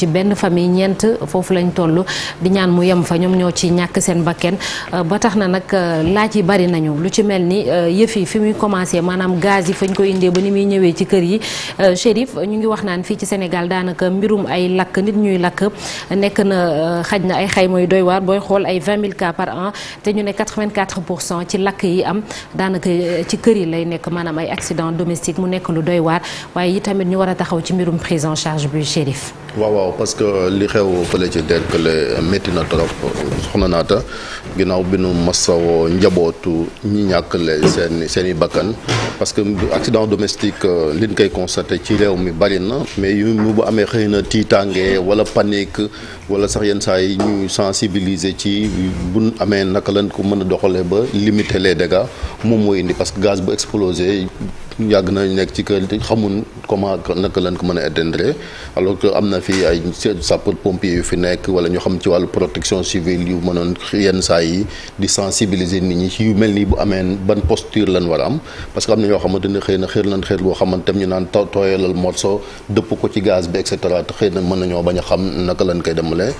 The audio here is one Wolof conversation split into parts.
ci benn famille ñeent foofu lañ toll di ñaan mu yem fa ñoom ñoo ci ñàkk seen bakken euh, ba tax na nag euh, laaj yi bari nañu lu ci mel ni euh, yëf yi fi muy commencé maanaam gaz yi fañ ko indee ba ni muy ñëwee ci kër yi Chérif ñu ngi wax naan fii ci Sénégal daanaka mbirum ay lakk nit ñuy lakk nekk na xaj na ay xayma yu doy waar booy xool ay 20 000 cas par an te ñu ne 84 pour cent ci lakk yi am daanaka ci kër yi lay nekk maanaam ay accident domestique mu nekk lu doy waar waaye yi tamit ñu war a taxaw ci mbirum prise en bi Chérif waaw waaw parce que li xew fële ci Derklé métti na trop soxna naata ginnaaw bi nu masawoo njabootu ñu ñàkkle seen seen i bakkan parce que accident domestique euh, liñ koy constaté ci réew mi bari na mais yu mu bu amee xëy na tiitaange wala panique wala sax yenn saa yi ñuy sensibiliser ci buñ amee naka lañ ko mën a doxalee ba limiter les dégâts moom mooy indi parce que gaz bu explosé yàgg nañu nekk ci kër te xamul comment naka lañ ko mën a atteindre alors que am na fi ay sapeur pompier yu fi nekk wala ñu xam ci wàllu protection civile yu mënoon yenn saa yi di sensibiliser nit ñi ci yu mel nii bu amee ban posture lan war am parce que am na ñoo xamante ne xëy na xëy nañ xëy boo xamante ñu naan tooyalal morceau dëpp ko ci gaz bi et te xëy na mën nañoo bañ a xam naka lañ koy demalee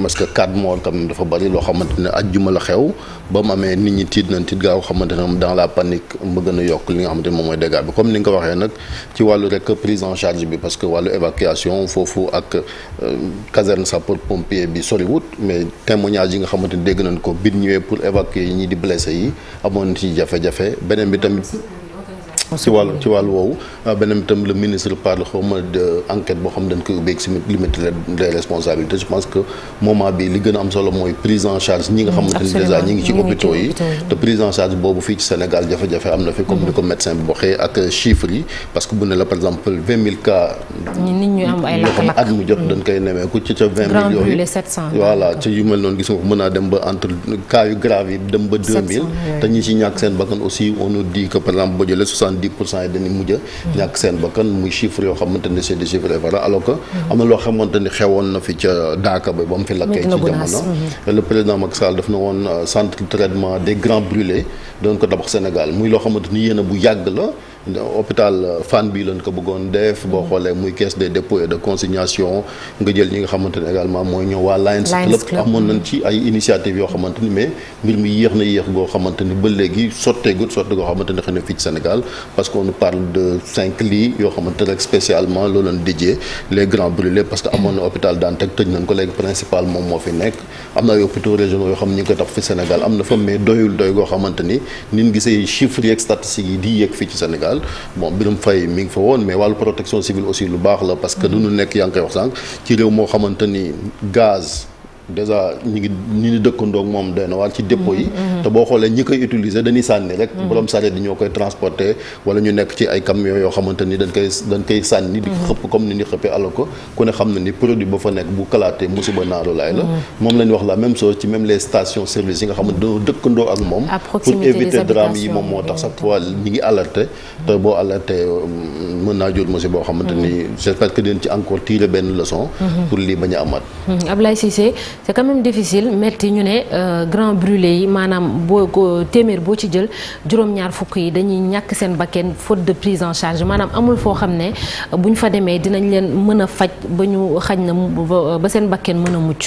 parce que quatre morts quand dafa bari loo xamante ne ajjuma la xew ba mu amee nit ñi tiit nañ tiit gaaw xamante ne dans la panique mu gën yokk li nga xamante ne moom mooy dégâts bi comme ni nga ko waxee nag ci wàllu rek prise en charge bi parce que wàllu évacuation foofu ak euh, caserne sapeur pompier bi soriwut mais témoignage yi nga xamante ne dégg nañ ko biir ñëwee pour évacuer yi ñii di blessé yi amoon ci jafe-jafe beneen bi tamit. ci wàllu ci wàllu euh, beneen itam le ministre parle xaw boo xam dañ koy ubbeeg si limite des responsabilités je pense que moment bi li gën a am solo mooy prise en charge ñi nga mm, xamante ni déjà ñi ngi ci hôpitaux yi te prise en charge boobu fii ci Sénégal jafe-jafe am na fi comme ni ko mm-hmm. médecin bi waxee ak chiffres yi parce que bu ne la par exemple cas yoo xam at mu jot dañ ci ca yu mel noonu gis nga mën naa dem ba entre cas grave yi dem ba dix pour cent yi dañuy mujj a ñàkk seen bakkan muy chiffre yoo xamante ni c'est des chiffres efara alors que am na loo xamante xewoon na fi ca daaka ba ba mu fi lakkee ci jamono mhm. le président Macky Sall daf na woon euh, centre traitement des grands brûlés doon tabax Sénégal muy loo xamante ni a bu yàgg la hôpital euh, fan bi lañ ko bëggoon def boo mhm. xoolee muy kees des dépôts de consignation nga jël ñi nga xamante ne également mooy ñëw waa Lions Club amoon nañ mhm. ci ay initiative yoo xamante ni mais mbir mi yéex na yéex goo xamante ni ba léegi sotteegut sotte goo xamante ne xëy fii ci Sénégal parce que on parle de cinq lits yoo xamante ne spécialement loolu lañ dijjee les grands brûlés parce que mhm. amoon na hôpital Dantec tëj nañ ko léegi principal moom moo fi nekk am na ay hôpitaux régionaux ngi ko tax na fa mais doyul doy goo xamante ni nin gisee chiffres yeeg fii ci Sénégal Sénégal bon biram fay mi ngi fa woon mais wàllu protection civile aussi lu baax la parce que lu nu nekk yaa ngi koy wax sànq ci réew moo xamante ni gaz. déjà ñi ngi ñi ngi dëkkandoog moom doy na waar ci dépôt yi mhm, mhm. te boo xoolee ñi koy utiliser dañuy sànni rek mhm. borom saret di ñoo koy transporter wala ñu nekk ci ay camions yoo xamante ni dañ koy dañ koy sànni di xëpp comme ni ñu xëppee ala ko ku ne xam na ni produit ba fa nekk bu kalaatee musiba naaru laay la moom lañ wax la même chose ci même les stations service yi nga xamante dañoo dëkkandoo ak moom pour éviter drame yi moom moo tax chaque fois ñi ngi alerté te boo euh, naa jur musiba boo xamante ni j'espère ci encore tirer benn leçon pour lii bañ a c'est quand même difficile métti ñu ne euh, grand brûlé yi maanaam boo ko téeméer boo ci jël juróom-ñaar fukk yi dañuy ñàkk seen bakken faute de prise en charge maanaam amul foo xam ne bu ñu fa demee dinañ leen mën a faj ba ñu xaj na ba seen bakken mën a mucc.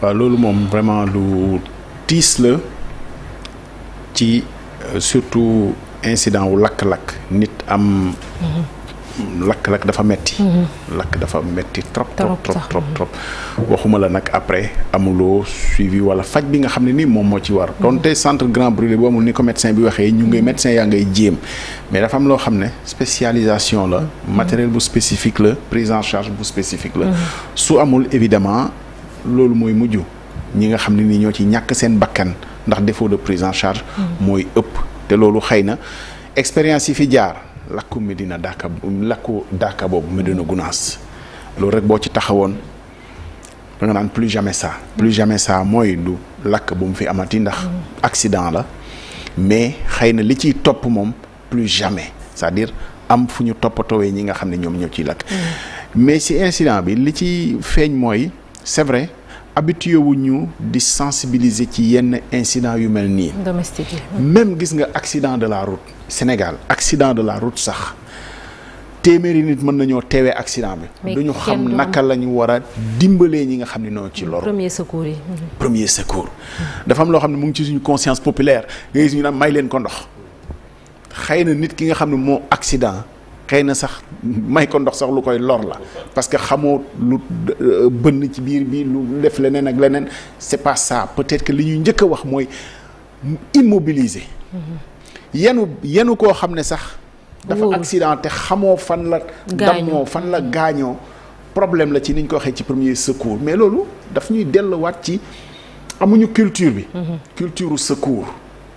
waaw loolu moom vraiment lu tiis la ci euh, surtout incident wu lakk-lakk nit am. Mhm. lakk nag dafa metti mhm. lakk dafa metti trop trop trop trop waxuma la nag après amuloo suivi wala faj bi nga xam ne ni moom moo ci war mhm. donte centre grand brûlé bu amul ni ko médecin bi waxee ñu ngay médecin yaa ngay jéem mais dafa am loo xam ne spécialisation la mhm. matériel bu spécifique la prise en charge la su amul évidemment loolu mooy mujj ñi nga xam ne ni ñoo ci ñàkk seen bakkan ndax défaut de prise en charge mooy ëpp te loolu xëy na expérience yi fi jaar lakk Medina Daaka lakku Daaka boobu Medina Gunaas loolu rek boo ci taxawoon da nga naan plus jamais ça. plus jamais ça mooy du lakk bu mu fi amati ndax accident la mais xëy na li ciy topp moom plus jamais cest à am fu ñu toppatoowee ñi nga xam ne ñoom ñoo ciy lakk. Mm. mais si incident bi li ci feeñ mooy c'est vrai. habitué wu ñu di sensibiliser ci yenn incident yu mel nii. domestique même gis nga accident de la route Sénégal accident de la route sax téeméeri nit mën nañoo teewee accident bi. duñu xam naka la ñu war a dimbalee ñi nga xam ne ñoo ci loru. premier secours yi. Mhm. premier secours. dafa am loo xam ne mu ngi ci suñu conscience populaire nga gis ñu naan may leen ko ndox xëy na nit ki nga xam ne moo accident. xëy na sax may ko ndox sax lu koy lor la parce que xamoo lu euh, bënn ci biir bi lu def leneen ak leneen c'est pas ça peut-être que li ñuy njëkk a wax mooy immobiliser mm-hmm. yenu yenu koo xam ne sax dafa accidenté xamoo fan la dammoo fan la gaañoo problème la ci niñ ko waxee ci premier secours mais loolu daf ñuy delluwaat ci amuñu culture bi mm-hmm. culture secours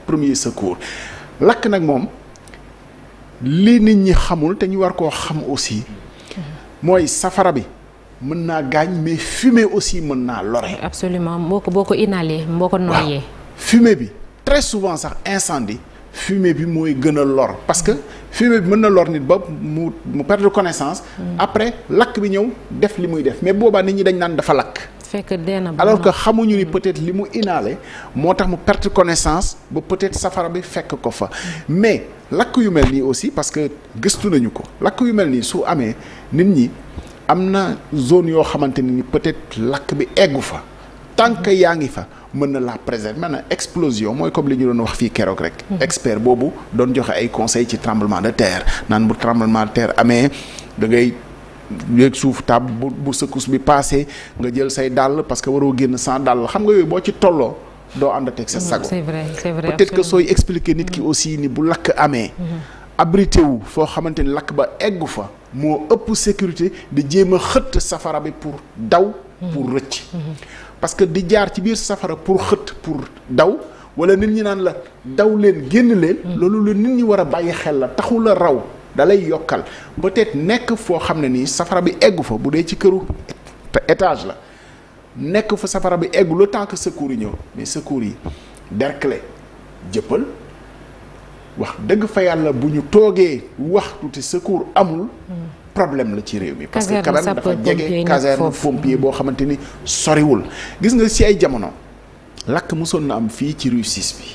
premier secours lakk nag moom li nit ñi xamul te ñu war koo xam aussi mooy safara bi mën naa gaañ mais fumée aussi mën naa lore. absolument boo ko boo ko inhaler boo ko noyyee. fumée bi très souvent sax incendie fumée bi mooy gën a lor parce que fumée bi mën na lor nit ba mu mu perdre connaissance. Mm. après lakk bi ñëw def li muy def mais boobaa nit ñi dañ naan dafa lakk. fekk dee na alors que xamuñu ni peut-être li mu inaale moo tax mu perdre connaissance ba peut-être safara bi fekk ko fa mm. mais lakk yu mel nii aussi parce que gëstu nañu ko lakk yu mel nii su amee nit ñi am na zone yoo xamante ni peut-être lakk bi eggu fa. tant que yaa ngi fa mën na la préserver maanaam explosion mooy comme li ñu doon wax fii keroog rek. Hmm. expert boobu doon joxe ay conseils ci tremblement de terre naan bu tremblement de terre amee da ngay yéeg suuf tab bu bu secousse bi passé nga jël say dàll parce que waroo génn sans dàll xam nga yooyu boo ci tolloo. doo ànd ak sa hmm, sago c'est vrai c'est vrai sooy expliquer nit ki hmm. aussi ni bu lakk amee. abrité wu foo xamante ni lakk ba eggu fa moo ëpp sécurité di jéem a xët safara bi pour daw. parce que di jaar ci biir safara pour xët pour daw wala nit ñi naan la daw leen génn leen. Hmm. loolu la nit ñi war a bàyyi xel la taxu la raw da lay yokkal peut nekk foo xam ne nii safara bi eggu fa bu dee ci këru étage la nekk fa safara bi eggu le temps que yi ñëw mais secours yi Derklé jëppal wax dëgg fa yàlla bu ñu toogee waxtu te secours amul. Hmm. problème la ci réew mi parce que quand même dafa jege caserne pompier boo xamante ni soriwul gis nga si ay jamono lakk mosoon na am fii ci rue 6 bi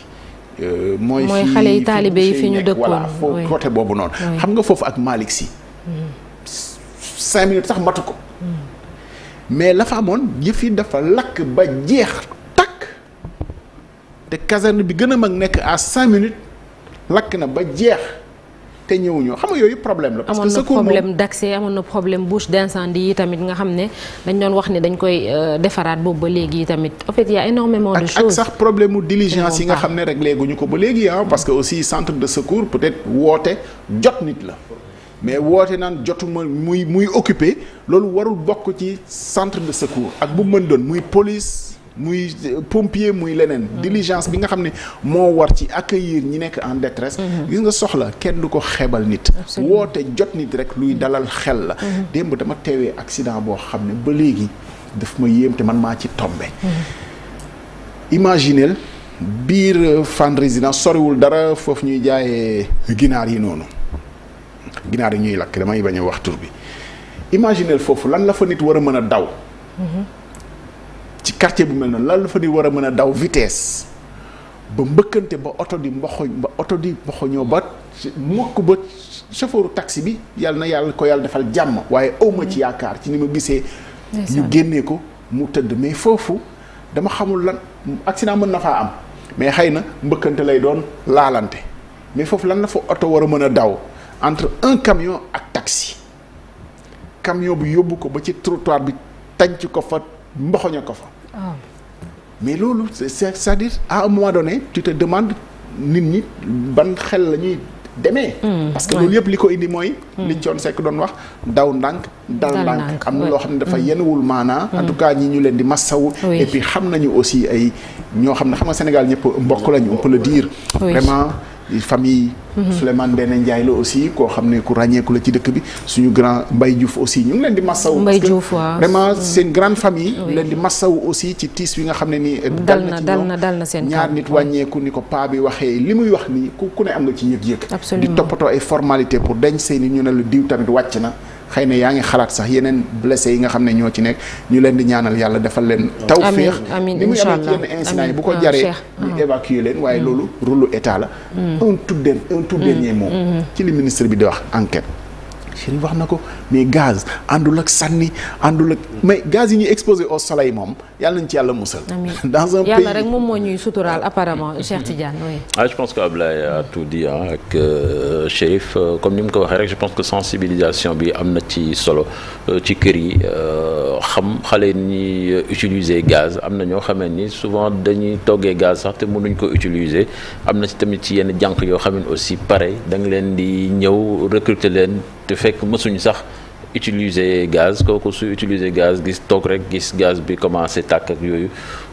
euh, mooy xale yi taalibe yi fi ñu dëkkoon voilà foofu côté boobu noonu xam nga foofu ak Malick si cinq sax matu ko hmm. mais la fa amoon yëf dafa lakk ba jeex takk te caserne bi gën a mag nekk à cinq minutes lakk na ba jeex te ñëwuñu xam nga yooyu problème la. parce que secours amoon na problème d'accès amoon na problème bouche d'incendie yi tamit nga xam ne dañ doon wax ni dañ koy euh, defaraat boobu ba léegi tamit en fait y a énormément ak sax problème mu diligence yi nga xam ne rek ñu ko ba léegi ah. parce que aussi centre de secours peut-être woote jot nit la. mais woote naan jotuma muy muy occupé loolu warul bokk ci centre de secours ak bu mën doon muy police. muy euh, pompier muy leneen ah. diligence bi nga xam ne moo war ci accueillir ñi nekk en détresse mm-hmm. gis nga soxla kenn du ko xeebal nit te jot nit rek luy dalal xel la mm-hmm. démb dama teewee accident boo xam ne ba léegi daf ma yéem te man maa ci tombé mm-hmm. imagineel biir euh, Fann Résidence soriwul dara foofu ñuy jaayee ginaar yi noonu ginaar yi ñuy lakk damay bañ wax tur bi imagineel foofu lan la fa nit war a mën a daw quartier bu mel noonu lan la fa di war a mën a daw vitesse ba mbëkkante ba oto di mboxoñ ba oto di mboxoñoo ba mokk ba chauffeuru taxi bi yàlla na yàlla ko yàlla defal jàmm waaye awma ci yaakaar ci ni ma gisee ñu génnee ko mu tëdd mais foofu dama xamul lan accident mën na faa am mais xëy na mbëkkante lay doon laalante mais foofu lan la fa oto war a mën a daw entre un camion ak taxi camion bi yóbbu ko ba ci trottoir bi tànc ko fa mboxoña ko fa Oh. mais loolu c'est-à-dire à un moment donné tu te nit ñi ban xel la ñuy demee. Hmm. parce que loolu yëpp li ko indi mooy. Hmm. li Thione sekk doon wax daw ndànk. dal ndànk am na loo xam ne dafa hmm. yenuwul maanaa. en tout cas ñi ñu leen di massawu. et puis xam nañu aussi ay ñoo xam ne xam nga Sénégal ñëpp mbokk lañu on peut le vraiment. famille mhm. Souleymane Ndéné Ndiaye la aussi koo xam ne ku ràññeeku la ci dëkk bi suñu grand Mbaye Diouf aussi ñu ngi leen di massaw mbay Diouf waaw vraiment mhm. seen grande famille leen di massaw aussi ci tiis wi nga xam ne ni eh, dal na dal na dal na seen ñaar nit wàññeeku ni ko paa bi waxee li muy wax ni ku ku ne am nga ci yëg-yëg di toppatoo ay formalité pour denc seen ñu ne lu diw tamit wàcc na xay na yaa ngi xalaat sax yeneen blessé yi nga xam ne ñoo ci nekk ñu leen di ñaanal yàlla defal leen tawféex ni muy amee ci yenn incident yi bu ko jaree ñu mm. évacuer leen waaye mm. loolu rôle état la mm. un tout dernier un tout dernier mot mm-hmm. ci li ministre bi di wax enquête Chérif wax na ko mais gaz àndul ak sànni àndul ak mais gaz yi ñu exposé au soleil moom yàlla nañ ci yàlla musal. dans un yàlla rek moom moo ñuy suturaal apparemment Cheikh Tidiane oui. ah je tout dit ah ak euh, Chérif euh, comme ni mu ko waxee rek je que sensibilisation bi am na ci solo euh, ci kër yi xam xale ni utiliser gaz am na ñoo xamee ni souvent dañuy toggee gaz sax te mënuñ ko utiliser am na ci tamit ci yenn jànq yoo xam ne aussi pareil da leen di ñëw recruter leen. te fekk mësuñ sax utiliser gaz kooku su utiliser gaz gis toog rek gis gaz bi commencé tàkk yooyu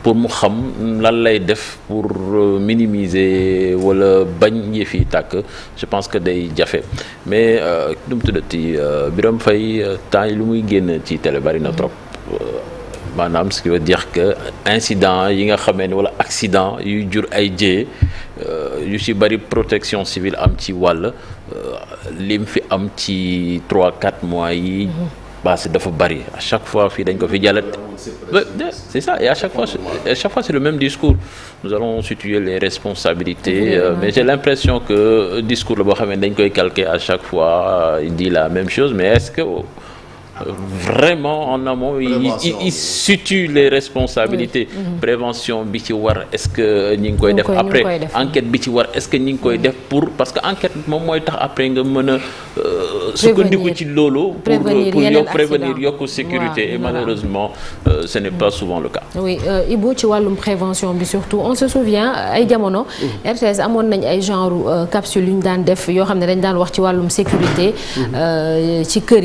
pour mu xam lan lay def pour euh, minimiser wala bañ yëf fi takk je pense que day jafe mais euh, nu mu tuddati euh, Birame Faye temps lu muy génn ci télé bari na trop maanaam ce qui veut dire que incident yi nga xamee ne wala accident yuy jur ay jee yu ci bari protection civile am ci wàll Euh, lim fi am ci 3 4 mois yi. passé dafa bari à chaque fois fii dañ ko fi jàllat. c'est ça et à chaque fois c'est le même discours nous allons situer les responsabilités euh, mais j'ai l'impression que discours la boo xam ne dañ koy calquer à chaque fois euh, il dit la même chose mais est-ce que. vraiment en amont il situe les responsabilités mhm. prévention bi ci war est-ce que ñi ngi koy def après enquête bi ci war est-ce que ñi ngi koy mhm. def pour parce que enquête moom mooy tax après nga mën a euh, sukkandiku ci loolu pour pour yow prévenir yokk sécurité et malheureusement euh, ce n'est pas souvent le cas oui euh, Ibou ci wàllum prévention bi surtout on se souvient ay jamono mhm. RTS amoon nañ ay genre capsule yu ñu daan def yoo xam ne dañ daan wax ci wàllum sécurité ci kër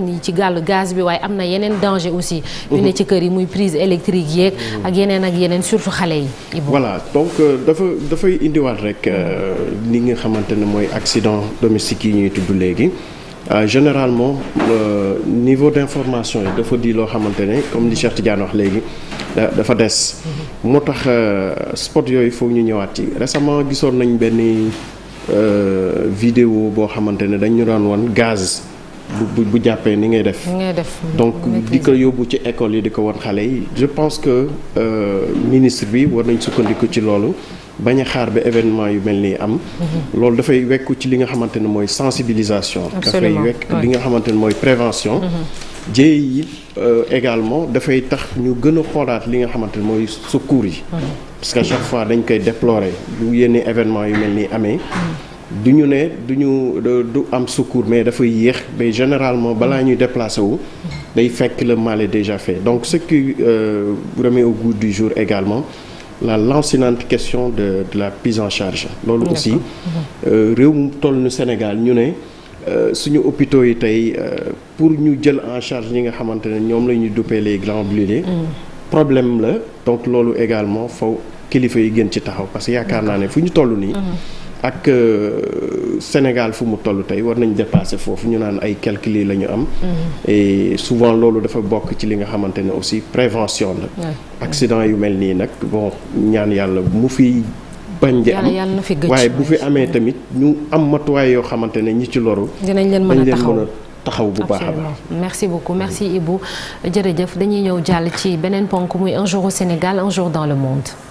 nii ci gàll gaz bi waaye am na yeneen danger aussi. yu ne ci kër yi muy prise électrique yeeg. Mhm. ak yeneen ak yeneen surtout xale yi. voilà donc euh, dafa dafay indiwaat rek euh, li nga xamante ne mooy accident domestique yi ñuy tudd léegi. Euh, généralement euh, niveau d'information yi dafa di loo xamante ne comme li Cheikh Tidiane wax léegi dafa des mhm. moo tax spot yooyu foog ñu ñëwaat ci récemment gisoon nañ benn vidéo boo xamante ne dañu daan wan gaz bu bu jàppee ni ngay def. donc di ko yóbbu ci école yi di ko wan xale yi. je pense que euh, ministre bi war nañ sukkandiku ci loolu bañ a xaar bi événement yu mel nii am. Mhm. loolu dafay wekku ci li nga xamante ne mooy sensibilisation. dafay wekk li nga xamante ne mooy prévention. Mhm. jéey yi euh, également dafay tax ñu gën a xoolaat li nga xamante ne mooy secours yi. Mhm. parce que chaque fois dañ koy déplorer bu yenn événement yu mel nii amee. du ñu ne du ñu du am secours mais dafay yéex mais généralement balaa ñuy déplacé wu day fekk le mal est déjà fait donc ce qui euh, remet au goût du jour également la lancinante question de de la prise en charge loolu aussi mhm. euh, réew mu toll nu Sénégal ñu ne euh, suñu hôpitaux yi tey euh, pour ñu jël en charge ñi nga xamante ne ñoom la ñuy duppee les grands brûlés mm. problème la donc loolu également faw kilifa yi gën ci taxaw parce que yaakaar naa ne fu ñu toll nii mhm. ak euh, Sénégal fu mu toll tey war nañ dépasser foofu ñu naan ay calcul lañu ñu am. Mm-hmm. et souvent loolu dafa bokk ci li nga xamante ne aussi prévention la. accident yu mel nii nag bon ñaan yàlla mu fi. bañ di am waaye bu fi amee tamit ñu am matuwaay yoo xamante ne ñi ci loru. dinañ leen mën a taxaw taxaw bu baax a baax merci beaucoup merci Ibou jërëjëf dañuy ñëw jàll ci beneen ponk muy un jour au Sénégal un jour dans le monde.